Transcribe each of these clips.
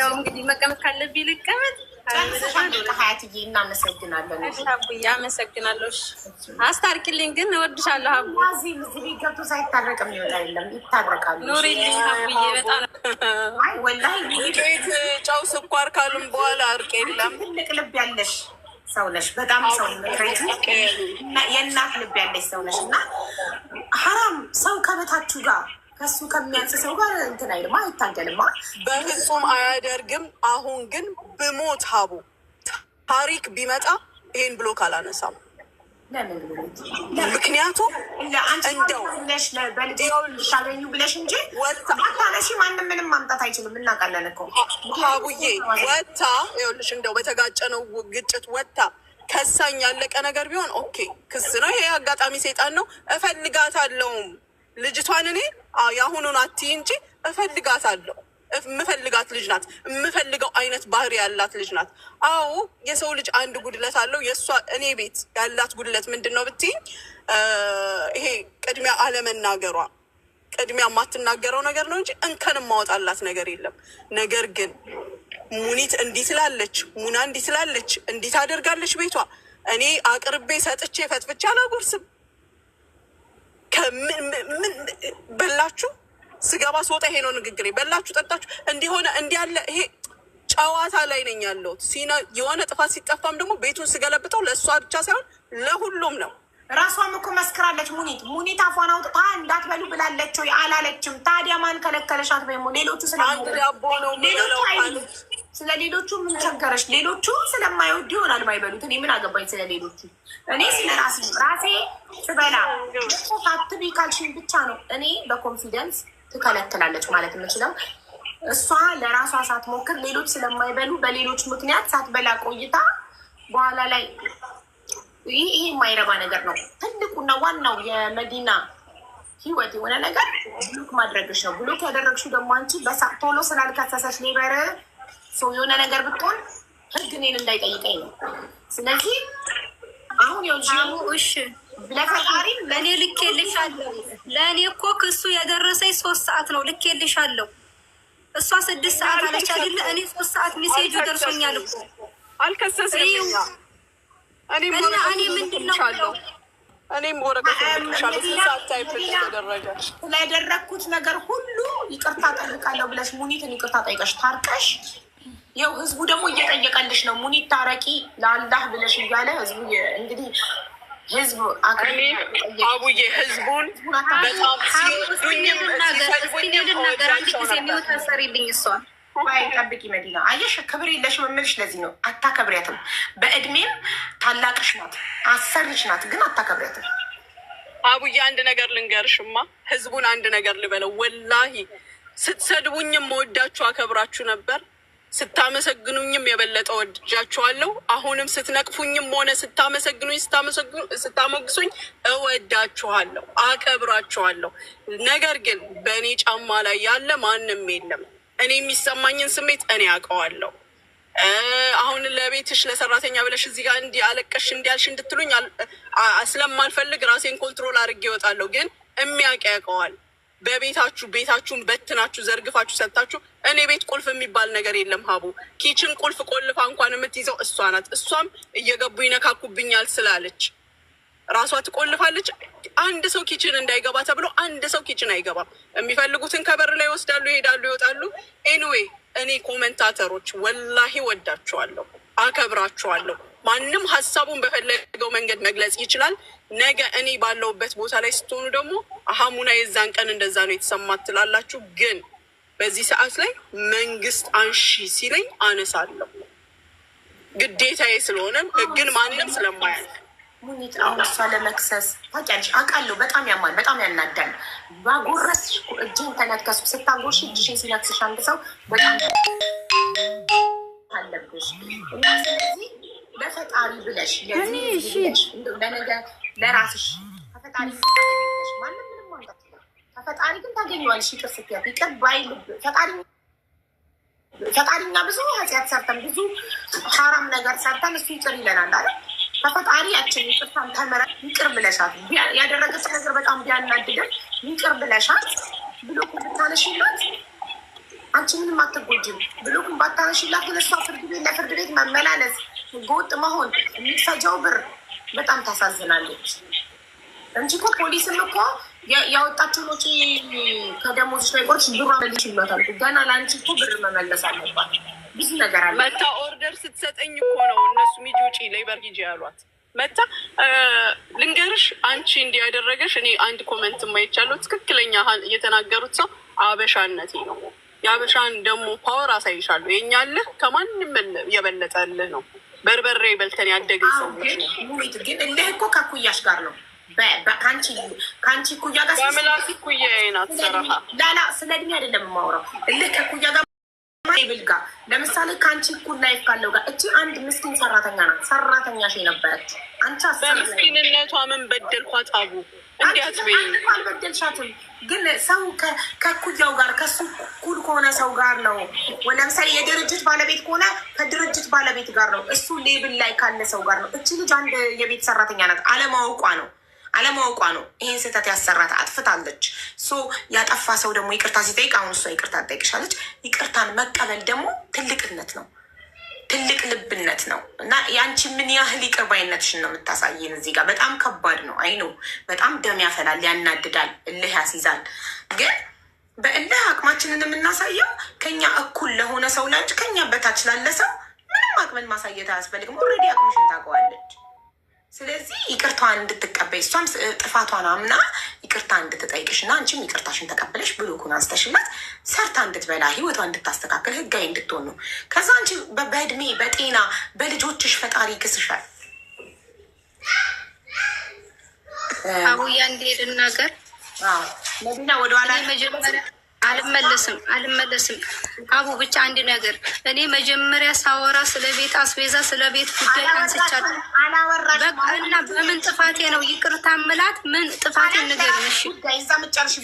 ያው እንግዲህ መቀመጥ ካለብኝ ልቀመጥ። ሀያትዬ እናመሰግናለን። አመሰግናለሁ። አስታርቂልኝ ግን እወድሻለሁ። አቡ ገብቶ የለም፣ ይታረቃሉ። ኑሪልኝ በጣም ቤት ጨው ስኳር ካሉም በኋላ እርቅ የለም። ትልቅ ልብ ያለሽ ሰው ነሽ። በጣም ሰው የእናት ልብ ያለሽ ሰው ነሽ እና ሀራም ሰው ከበታችሁ ጋር ከሱ ከሚያንስሰው ጋር እንትን አይልማ አይታገልማ፣ በፍጹም አያደርግም። አሁን ግን ብሞት ሀቡ ታሪክ ቢመጣ ይሄን ብሎ ካላነሳም ምክንያቱም እንደው ብለሽ እንጂ ወታነሺ ማንም ምንም ማምጣት አይችልም። እናውቃለን እኮ ሀቡዬ ወታ ይኸውልሽ፣ እንደው በተጋጨነው ግጭት ወታ ከሳኝ ያለቀ ነገር ቢሆን ኦኬ፣ ክስ ነው ይሄ። አጋጣሚ ሴጣን ነው እፈልጋታለሁም ልጅቷን እኔ የአሁኑን አቲ እንጂ እፈልጋታለሁ። የምፈልጋት ልጅ ናት። የምፈልገው አይነት ባህሪ ያላት ልጅ ናት። አዎ የሰው ልጅ አንድ ጉድለት አለው። የእሷ እኔ ቤት ያላት ጉድለት ምንድን ነው ብትይኝ፣ ይሄ ቅድሚያ አለመናገሯ ቅድሚያ የማትናገረው ነገር ነው እንጂ እንከን የማወጣላት ነገር የለም። ነገር ግን ሙኒት እንዲህ ትላለች፣ ሙና እንዲህ ትላለች፣ እንዲህ ታደርጋለች ቤቷ እኔ አቅርቤ ሰጥቼ ፈትፍቼ አላጎርስም በላችሁ ስገባ ስወጣ ይሄ ነው ንግግሬ። በላችሁ ጠጣችሁ እንዲሆነ እንዲያለ ይሄ ጨዋታ ላይ ነኝ ያለሁት። የሆነ ጥፋት ሲጠፋም ደግሞ ቤቱን ስገለብጠው ለእሷ ብቻ ሳይሆን ለሁሉም ነው። ራሷም እኮ መስክራለች። ሙኒት ሙኒት አፏን አውጥታ እንዳትበሉ ብላለች ወይ አላለችም? ታዲያ ማን ከለከለሽ? አትበይም። ሌሎቹ ስለ ሌሎቹ ምን ቸገረሽ? ሌሎቹ ስለማይወዱ ይሆናል ማይበሉት። እኔ ምን አገባኝ ስለ ሌሎቹ። እኔ ስለ ራሴ ራሴ ስበላ ሳትቢ ካልሽኝ ብቻ ነው እኔ በኮንፊደንስ ትከለክላለች ማለት የምችለው እሷ ለራሷ ሳትሞክር ሌሎች ስለማይበሉ በሌሎች ምክንያት ሳትበላ ቆይታ በኋላ ላይ ይሄ የማይረባ ነገር ነው። ትልቁና ዋናው የመዲና ህይወት የሆነ ነገር ብሎክ ማድረግሽ ነው። ብሎክ ያደረግሽው ደግሞ አንቺ ቶሎ ስላልከሰሰሽ ሌበር ሰው የሆነ ነገር ብትሆን ህግ እኔን እንዳይጠይቀኝ ነው። ስለዚህ አሁን የውሽ ለፈጣሪም ለእኔ ልኬልሻለሁ። ለእኔ እኮ ክሱ የደረሰኝ ሶስት ሰዓት ነው። ልኬልሻለሁ እሷ ስድስት ሰዓት አለች አይደለ? እኔ ሶስት ሰዓት ሜሴጁ ደርሶኛል እኮ አልከሰሰ እኔም ወረቀት ተደረገ ስላደረግኩት ነገር ሁሉ ይቅርታ ጠይቃለሁ ብለሽ ሙኒትን ይቅርታ ጠይቀሽ ታርቀሽ፣ ይኸው ህዝቡ ደግሞ እየጠየቀልሽ ነው። ሙኒት ታረቂ ለአላህ ብለሽ እያለ ህዝቡ እንግዲህ ህዝቡ አቡዬ ህዝቡን በጣም ሲወዱኝም ሲሰድቡኝም ወዳቸውን ነበር። ወይ ጠብቂ መዲና፣ አየሽ ክብር የለሽም የምልሽ ለዚህ ነው። አታከብሪያትም። በእድሜም ታላቅሽ ናት፣ አሰርሽ ናት፣ ግን አታከብሪያትም። አቡዬ አንድ ነገር ልንገርሽማ፣ ህዝቡን አንድ ነገር ልበለው። ወላሂ ስትሰድቡኝም መወዳችሁ አከብራችሁ ነበር፣ ስታመሰግኑኝም የበለጠ ወድጃችኋለሁ። አሁንም ስትነቅፉኝም ሆነ ስታመሰግኑኝ ስታሞግሱኝ እወዳችኋለሁ፣ አከብራችኋለሁ። ነገር ግን በእኔ ጫማ ላይ ያለ ማንም የለም። እኔ የሚሰማኝን ስሜት እኔ አውቀዋለሁ። አሁን ለቤትሽ ለሰራተኛ ብለሽ እዚህ ጋር እንዲህ አለቀሽ እንዲያልሽ እንድትሉኝ ስለማልፈልግ ራሴን ኮንትሮል አድርጌ ይወጣለሁ። ግን የሚያውቅ ያውቀዋል። በቤታችሁ ቤታችሁን በትናችሁ ዘርግፋችሁ ሰጥታችሁ እኔ ቤት ቁልፍ የሚባል ነገር የለም። ሀቡ ኪችን ቁልፍ ቆልፋ እንኳን የምትይዘው እሷ ናት። እሷም እየገቡ ይነካኩብኛል ስላለች ራሷ ትቆልፋለች። አንድ ሰው ኪችን እንዳይገባ ተብሎ አንድ ሰው ኪችን አይገባም። የሚፈልጉትን ከበር ላይ ይወስዳሉ፣ ይሄዳሉ፣ ይወጣሉ። ኤኒዌይ እኔ ኮመንታተሮች ወላሂ ወዳችኋለሁ፣ አከብራችኋለሁ። ማንም ሀሳቡን በፈለገው መንገድ መግለጽ ይችላል። ነገ እኔ ባለውበት ቦታ ላይ ስትሆኑ ደግሞ አሀሙና የዛን ቀን እንደዛ ነው የተሰማት ትላላችሁ። ግን በዚህ ሰዓት ላይ መንግስት አንሺ ሲለኝ አነሳለሁ፣ ግዴታዬ ስለሆነም ህግን ማንም ስለማያል ሙኒት አሁን እሷ ለመክሰስ ታውቂያለሽ፣ አውቃለሁ። በጣም ያማል፣ በጣም ያናዳል። ባጎረስ እጅን ተነከሱ ስታጎርሽ እጅሽን ሲነክስሽ አንድ ሰው በጣም አለብሽ። እና ስለዚህ ለፈጣሪ ብለሽ ለነገ ለራስሽ ከፈጣሪ ብለሽ ማንም ምንም ማለት ከፈጣሪ ግን ታገኘዋለሽ። ይቅር ስትያት ይቅር ባይ ፈጣሪ ፈጣሪኛ ብዙ ኃጢአት ሰርተን ብዙ ሀራም ነገር ሰርተን እሱ ይቅር ይለናል አይደል ያችን ይቅርታን ተምረ ይቅር ብለሻት ያደረገች ነገር በጣም ቢያናድደን ይቅር ብለሻት ብሎኩን ብታነሽላት አንቺ ምንም አትጎጅም። ብሎኩን ባታነሽላት ግን እሷ ፍርድ ቤት ለፍርድ ቤት መመላለስ፣ ህገወጥ መሆን፣ የሚፈጀው ብር በጣም ታሳዝናለች። እንጂ እኮ ፖሊስም እኮ ያወጣችውን ወጪ ከደሞዝሽ ላይ ቆርጭ ብሯ መልሽ ይሏታል። ገና ለአንቺ እኮ ብር መመለስ አለባት። ብዙ ነገር አለ። መታ ኦርደር ስትሰጠኝ እኮ ነው እነሱ ሚጅ ውጪ ሌበር ሂጂ ያሏት። መታ ልንገርሽ፣ አንቺ እንዲህ ያደረገሽ እኔ አንድ ኮመንት ማይቻለሁ። ትክክለኛ የተናገሩት ሰው አበሻነቴ ነው። የአበሻን ደግሞ ፓወር አሳይሻለሁ። የኛልህ ከማንም የበለጠልህ ነው። በርበሬ በልተን ያደግን ሰው ግን እልህ እኮ ከኩያሽ ጋር ነው ከአንቺ ኩያ ጋር ከምላስ ኩያ ናት። ሰራ ላላ ስለ እድሜ አይደለም የማውራው እልህ ከኩያ ጋር ሌብል ጋር ለምሳሌ ከአንቺ እኩል ላይፍ ካለው ጋር እቺ አንድ ምስኪን ሰራተኛ ናት። ሽ ነበረች። አንቺ በምስኪንነቷ ምን በደልኳት? አቡ አልበደልሻትም። ግን ሰው ከኩያው ጋር ከሱ እኩል ከሆነ ሰው ጋር ነው። ለምሳሌ የድርጅት ባለቤት ከሆነ ከድርጅት ባለቤት ጋር ነው። እሱ ሌብል ላይ ካለ ሰው ጋር ነው። እቺ ልጅ አንድ የቤት ሰራተኛ ናት። አለማወቋ ነው አለማወቋ ነው ይህን ስህተት ያሰራት። አጥፍታለች። ሶ ያጠፋ ሰው ደግሞ ይቅርታ ሲጠይቅ አሁን እሷ ይቅርታ ትጠይቅሻለች። ይቅርታን መቀበል ደግሞ ትልቅነት ነው፣ ትልቅ ልብነት ነው እና የአንቺ ምን ያህል ይቅር ባይነትሽን ነው የምታሳየን እዚህ ጋር። በጣም ከባድ ነው። አይ ነው በጣም ደም ያፈላል፣ ያናድዳል፣ እልህ ያስይዛል ግን በእልህ አቅማችንን የምናሳየው ከኛ እኩል ለሆነ ሰው ላንቺ ከኛ በታች ላለ ሰው ምንም አቅምን ማሳየት አያስፈልግም። ኦልሬዲ አቅምሽን ታውቀዋለች። ስለዚህ ይቅርታዋን እንድትቀበይ እሷም ጥፋቷን አምና ይቅርታ እንድትጠይቅሽ እና አንቺም ይቅርታሽን ተቀበለሽ ብሎኩን አንስተሽላት ሰርታ እንድትበላ ህይወቷ እንድታስተካከል ህጋዊ እንድትሆን ነው። ከዛ አንቺ በእድሜ በጤና በልጆችሽ ፈጣሪ ይክስሻል። አቡያ እንዲሄድ ነገር መዲና ወደኋላ መጀመሪያ አልመለስም አልመለስም። አቡ ብቻ አንድ ነገር እኔ መጀመሪያ ሳወራ ስለ ቤት አስቤዛ፣ ስለ ቤት ጉዳይ አንስቻለሁ። በቃና በምን ጥፋቴ ነው ይቅርታ ምላት? ምን ጥፋቴ ነሽ መጨረሽ ንገሪኝ። እሺ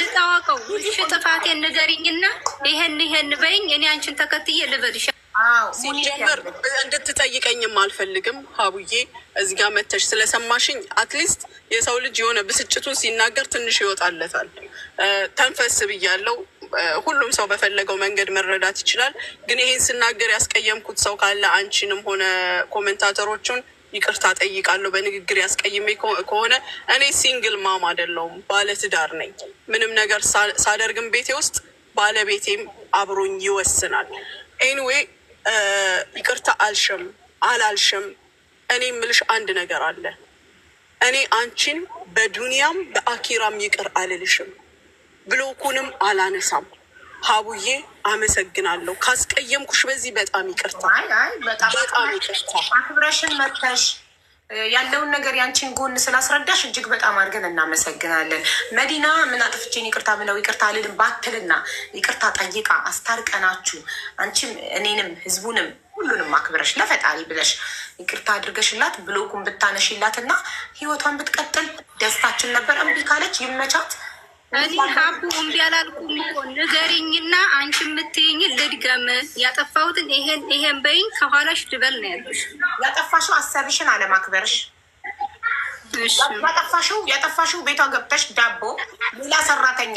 ልታወቀው እሺ፣ ጥፋቴ ንገሪኝና ይሄን ይሄን በይኝ። እኔ አንቺን ተከትዬ ልበልሽ ሲጀምር እንድትጠይቀኝም አልፈልግም። ሀቡዬ እዚህ ጋር መተሽ ስለሰማሽኝ፣ አትሊስት የሰው ልጅ የሆነ ብስጭቱን ሲናገር ትንሽ ይወጣለታል። ተንፈስ ብያለው። ሁሉም ሰው በፈለገው መንገድ መረዳት ይችላል። ግን ይሄን ስናገር ያስቀየምኩት ሰው ካለ አንቺንም ሆነ ኮሜንታተሮቹን ይቅርታ ጠይቃለሁ። በንግግር ያስቀይሜ ከሆነ እኔ ሲንግል ማም አደለውም ባለትዳር ነኝ። ምንም ነገር ሳደርግም ቤቴ ውስጥ ባለቤቴም አብሮኝ ይወስናል። ኤኒዌይ ይቅርታ አልሽም አላልሽም፣ እኔ ምልሽ አንድ ነገር አለ። እኔ አንቺን በዱንያም በአኪራም ይቅር አልልሽም፣ ብሎኩንም አላነሳም። ሀቡዬ አመሰግናለሁ። ካስቀየምኩሽ በዚህ በጣም ይቅርታ፣ በጣም ይቅርታ። አክብረሽን መተሽ ያለውን ነገር ያንቺን ጎን ስላስረዳሽ እጅግ በጣም አድርገን እናመሰግናለን። መዲና ምን አጥፍቼን ይቅርታ ብለው ይቅርታ ልልም ባትልና ይቅርታ ጠይቃ አስታርቀናችሁ አንቺም እኔንም ህዝቡንም ሁሉንም አክብረሽ ለፈጣሪ ብለሽ ይቅርታ አድርገሽላት ብሎኩን ብታነሽላት እና ህይወቷን ብትቀጥል ደስታችን ነበር። እምቢ ካለች ይመቻት። እኔ ሀቡ እምቢ አላልኩም እኮ ንገሪኝና፣ አንቺ የምትይኝን ልድገም። ያጠፋሁትን ይሄን ይሄን በይኝ፣ ከኋላሽ ልበል ነው ያለሽ። ያጠፋሽው አሰብሽን አለማክበርሽ፣ ያጠፋሽው ያጠፋሽው ቤቷ ገብተሽ ዳቦ ሌላ ሰራተኛ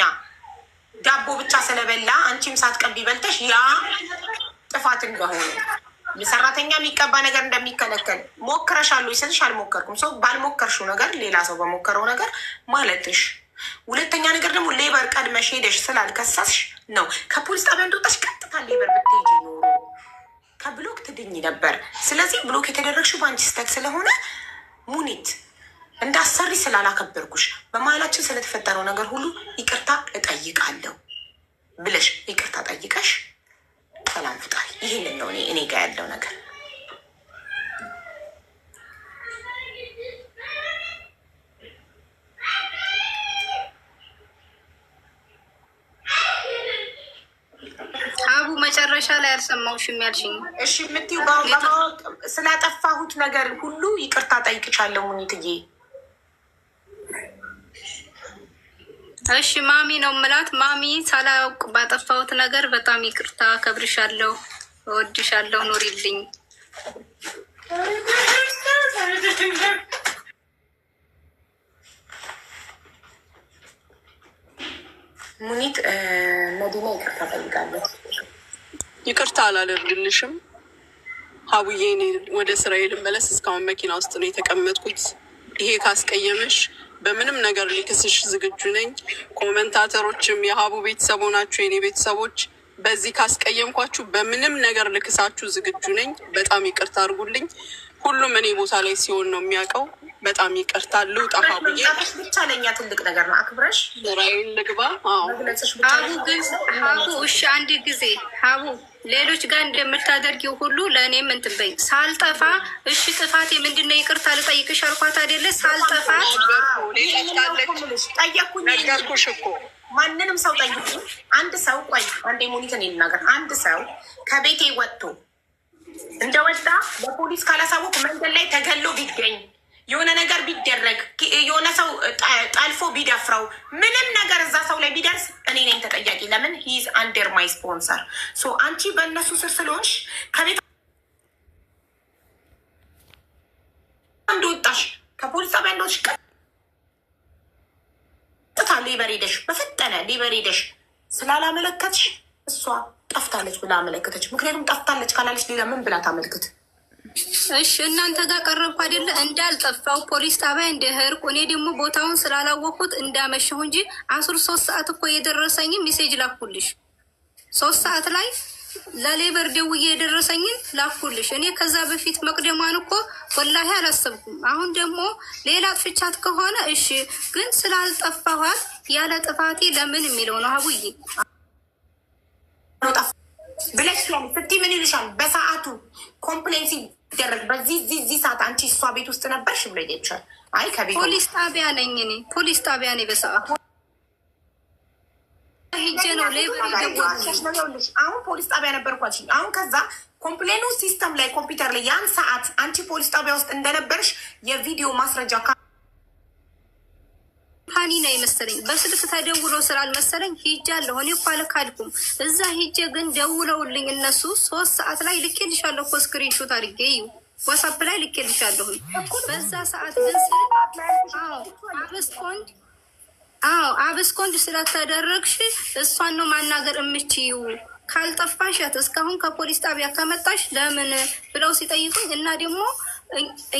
ዳቦ ብቻ ስለበላ አንቺም ሳትቀቢ በልተሽ ያ ጥፋት እንደሆነ ሰራተኛ የሚቀባ ነገር እንደሚከለከል ሞክረሻሉ ስልሽ አልሞከርኩም። ሰው ባልሞከርሽው ነገር ሌላ ሰው በሞከረው ነገር ማለትሽ ሁለተኛ ነገር ደግሞ ሌበር ቀድመሽ ሄደሽ ስላልከሰስሽ ነው። ከፖሊስ ጣቢያ እንደወጣሽ ቀጥታ ሌበር ብትሄጂ ኖሮ ከብሎክ ትድኝ ነበር። ስለዚህ ብሎክ የተደረግሽው በአንቺ ስህተት ስለሆነ ሙኒት እንዳሰሪ ስላላከበርኩሽ በመሀላችን ስለተፈጠረው ነገር ሁሉ ይቅርታ እጠይቃለሁ ብለሽ ይቅርታ ጠይቀሽ ሰላም ፍጣሪ። ይህንን ነው እኔ ጋ ያለው ነገር። መጨረሻ ላይ አልሰማሁሽም ያልሽኝ። እሺ የምትይው በማወቅ ስላጠፋሁት ነገር ሁሉ ይቅርታ ጠይቅቻለሁ ሙኒትዬ። እሺ ማሚ ነው ምላት። ማሚ ሳላውቅ ባጠፋሁት ነገር በጣም ይቅርታ። ከብርሻለሁ፣ እወድሻለሁ፣ ኑሪልኝ። ሙኒት መዲና ይቅርታ ጠይቃለሁ። ይቅርታ አላደርግልሽም ሀቡዬ፣ እኔ ወደ ስራዬ ልመለስ። እስካሁን መኪና ውስጥ ነው የተቀመጥኩት። ይሄ ካስቀየመሽ በምንም ነገር ሊክስሽ ዝግጁ ነኝ። ኮመንታተሮችም የሀቡ ቤተሰቡ ናቸው፣ የኔ ቤተሰቦች። በዚህ ካስቀየምኳችሁ በምንም ነገር ልክሳችሁ ዝግጁ ነኝ። በጣም ይቅርታ አድርጉልኝ። ሁሉም እኔ ቦታ ላይ ሲሆን ነው የሚያውቀው። በጣም ይቅርታ። ልውጣ ሀቡ ብቻ ትልቅ ነገር ነው። አክብረሽ ራይን ልግባ። ሀቡ ግን ሀቡ፣ እሺ አንድ ጊዜ ሀቡ ሌሎች ጋር እንደምታደርጊው ሁሉ ለእኔም እንትን በይ። ሳልጠፋ እሺ፣ ጥፋቴ ምንድን ነው? ይቅርታ ልጠይቅሽ አልኳት አይደለ? ሳልጠፋት ነገርኩሽ ማንንም ሰው ጠይቁ። አንድ ሰው ቆይ፣ አንዴ ሙኒትን ይናገር። አንድ ሰው ከቤቴ ወጥቶ እንደወጣ በፖሊስ ካላሳወቅ መንገድ ላይ ተገሎ ቢገኝ የሆነ ነገር ቢደረግ የሆነ ሰው ጠልፎ ቢደፍረው ምንም ነገር እዛ ሰው ላይ ቢደርስ እኔ ነኝ ተጠያቂ። ለምን ሂዝ አንደር ማይ ስፖንሰር። ሶ አንቺ በእነሱ ስር ስለሆንሽ ከቤት ወጣሽ ከፖሊስ ጣቢያ እንደሆንሽ ቀጥታ ሌበር ሄደሽ በፈጠነ ሌበር ሄደሽ ስላላመለከትሽ እሷ ጠፍታለች ብላ አመለከተች። ምክንያቱም ጠፍታለች ካላለች ሌላ ምን ብላ ታመልክት? እሺ እናንተ ጋር ቀረብኩ አይደለ? እንዳልጠፋው ፖሊስ ጣቢያ እንደህርቅ እኔ ደግሞ ቦታውን ስላላወቅኩት እንዳመሸሁ እንጂ አስር ሶስት ሰዓት እኮ የደረሰኝን ሜሴጅ ላኩልሽ። ሶስት ሰዓት ላይ ለሌበር ደውዬ የደረሰኝን ላኩልሽ። እኔ ከዛ በፊት መቅደሟን እኮ ወላሂ አላሰብኩም። አሁን ደግሞ ሌላ ጥፍቻት ከሆነ እሺ፣ ግን ስላልጠፋኋት ያለ ጥፋቴ ለምን የሚለው ነው አቡዬ ብለሽ ምን ይልሻል በሰዓቱ ኮምፕሌንሲ ሲደረግ በዚህ ዚህ ዚህ ሰዓት አንቺ እሷ ቤት ውስጥ ነበርሽ ብሎ ይችል። አይ ከቤት ፖሊስ ጣቢያ ነኝ እኔ ፖሊስ ጣቢያ ነኝ። በሰዓት አሁን ፖሊስ ጣቢያ ነበርኩ አልሽኝ። አሁን ከዛ ኮምፕሌኑ ሲስተም ላይ ኮምፒውተር ላይ ያን ሰዓት አንቺ ፖሊስ ጣቢያ ውስጥ እንደነበርሽ የቪዲዮ ማስረጃ ካምፓኒ ሀኒና የመሰለኝ በስልክ ተደውሎ ስላልመሰለኝ ሂጄ አለሁ። እኔ እኮ አልካድኩም። እዛ ሂጄ ግን ደውለውልኝ እነሱ ሶስት ሰዓት ላይ ልኬልሻለሁ እኮ ስክሪንሾት አድርጌ እዩ ዋሳፕ ላይ ልኬልሻለሁ። በዛ ሰዓት ግን አብስኮንድ አዎ አብስኮንድ ስለተደረግሽ እሷን ነው ማናገር እምችይው ካልጠፋሸት እስካሁን ከፖሊስ ጣቢያ ከመጣሽ ለምን ብለው ሲጠይቁኝ እና ደግሞ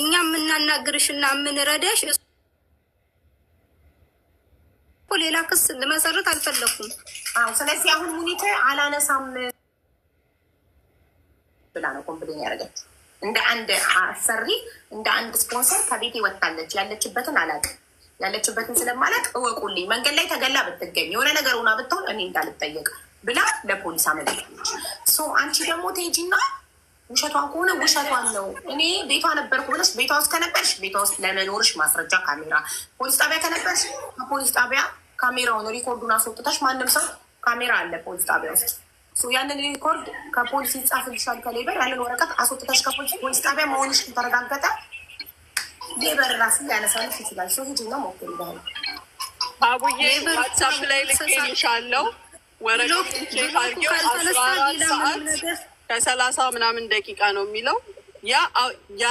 እኛ የምናናግርሽ እና የምንረዳሽ ሌላ ክስ ልመሰርት አልፈለኩም። ስለዚህ አሁን ሙኒቴ አላነሳም ብላ ነው ኮምፕሌን ያደረገችው። እንደ አንድ አሰሪ እንደ አንድ ስፖንሰር ከቤቴ ወጣለች። ያለችበትን አላውቅም። ያለችበትን ስለማላውቅ እወቁልኝ፣ መንገድ ላይ ተገላ ብትገኝ የሆነ ነገር ሆና ብትሆን እኔ እንዳልጠየቅ ብላ ለፖሊስ አመለች። ሶ አንቺ ደግሞ ቴጂና ውሸቷን ከሆነ ውሸቷን ነው። እኔ ቤቷ ነበርኩ ብለሽ ቤቷ ውስጥ ከነበርሽ ቤቷ ውስጥ ለመኖርሽ ማስረጃ ካሜራ፣ ፖሊስ ጣቢያ ከነበርሽ ከፖሊስ ጣቢያ ካሜራውን ሪኮርዱን አስወጥተሽ ማንም ሰው ካሜራ አለ ፖሊስ ጣቢያ ውስጥ ያንን ሪኮርድ ከፖሊስ ይጻፍልሻል። ከሌበር ያንን ወረቀት አስወጥተሽ ከፖሊስ ፖሊስ ጣቢያ መሆንሽ ተረጋገጠ፣ ሌበር ራስ ሊያነሳልሽ ይችላል። ሰው ሂጂ ነው ሞክሪ። ባህል አቡዬ ዋትሳፕ ላይ ልኬልሻለሁ። ወረቀት ከሰላሳ ምናምን ደቂቃ ነው የሚለው ያ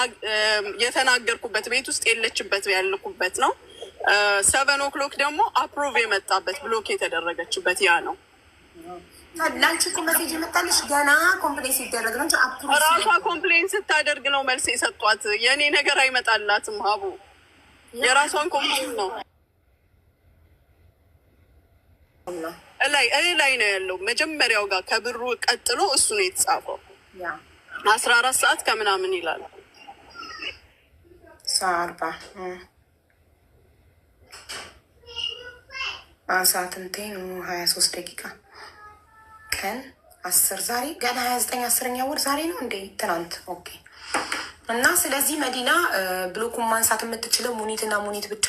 የተናገርኩበት ቤት ውስጥ የለችበት ያልኩበት ነው ሰቨን ኦክሎክ ደግሞ አፕሮቭ የመጣበት ብሎክ የተደረገችበት ያ ነው። ራሷ ኮምፕሌን ስታደርግ ነው መልስ የሰጧት። የእኔ ነገር አይመጣላትም ሀቡ የራሷን ኮምፕሌን ነው ላይ እኔ ላይ ነው ያለው መጀመሪያው ጋር ከብሩ ቀጥሎ እሱ ነው የተጻፈው። አስራ አራት ሰዓት ከምናምን ይላል ሰዓት አርባ ሰዓት ነው ሀያ ሶስት ደቂቃ ቀን አስር ዛሬ ገና ሀያ ዘጠኝ አስረኛ ወር ዛሬ ነው እንዴ? ትናንት ኦኬ። እና ስለዚህ መዲና ብሎኩን ማንሳት የምትችለው ሙኒት እና ሙኒት ብቻ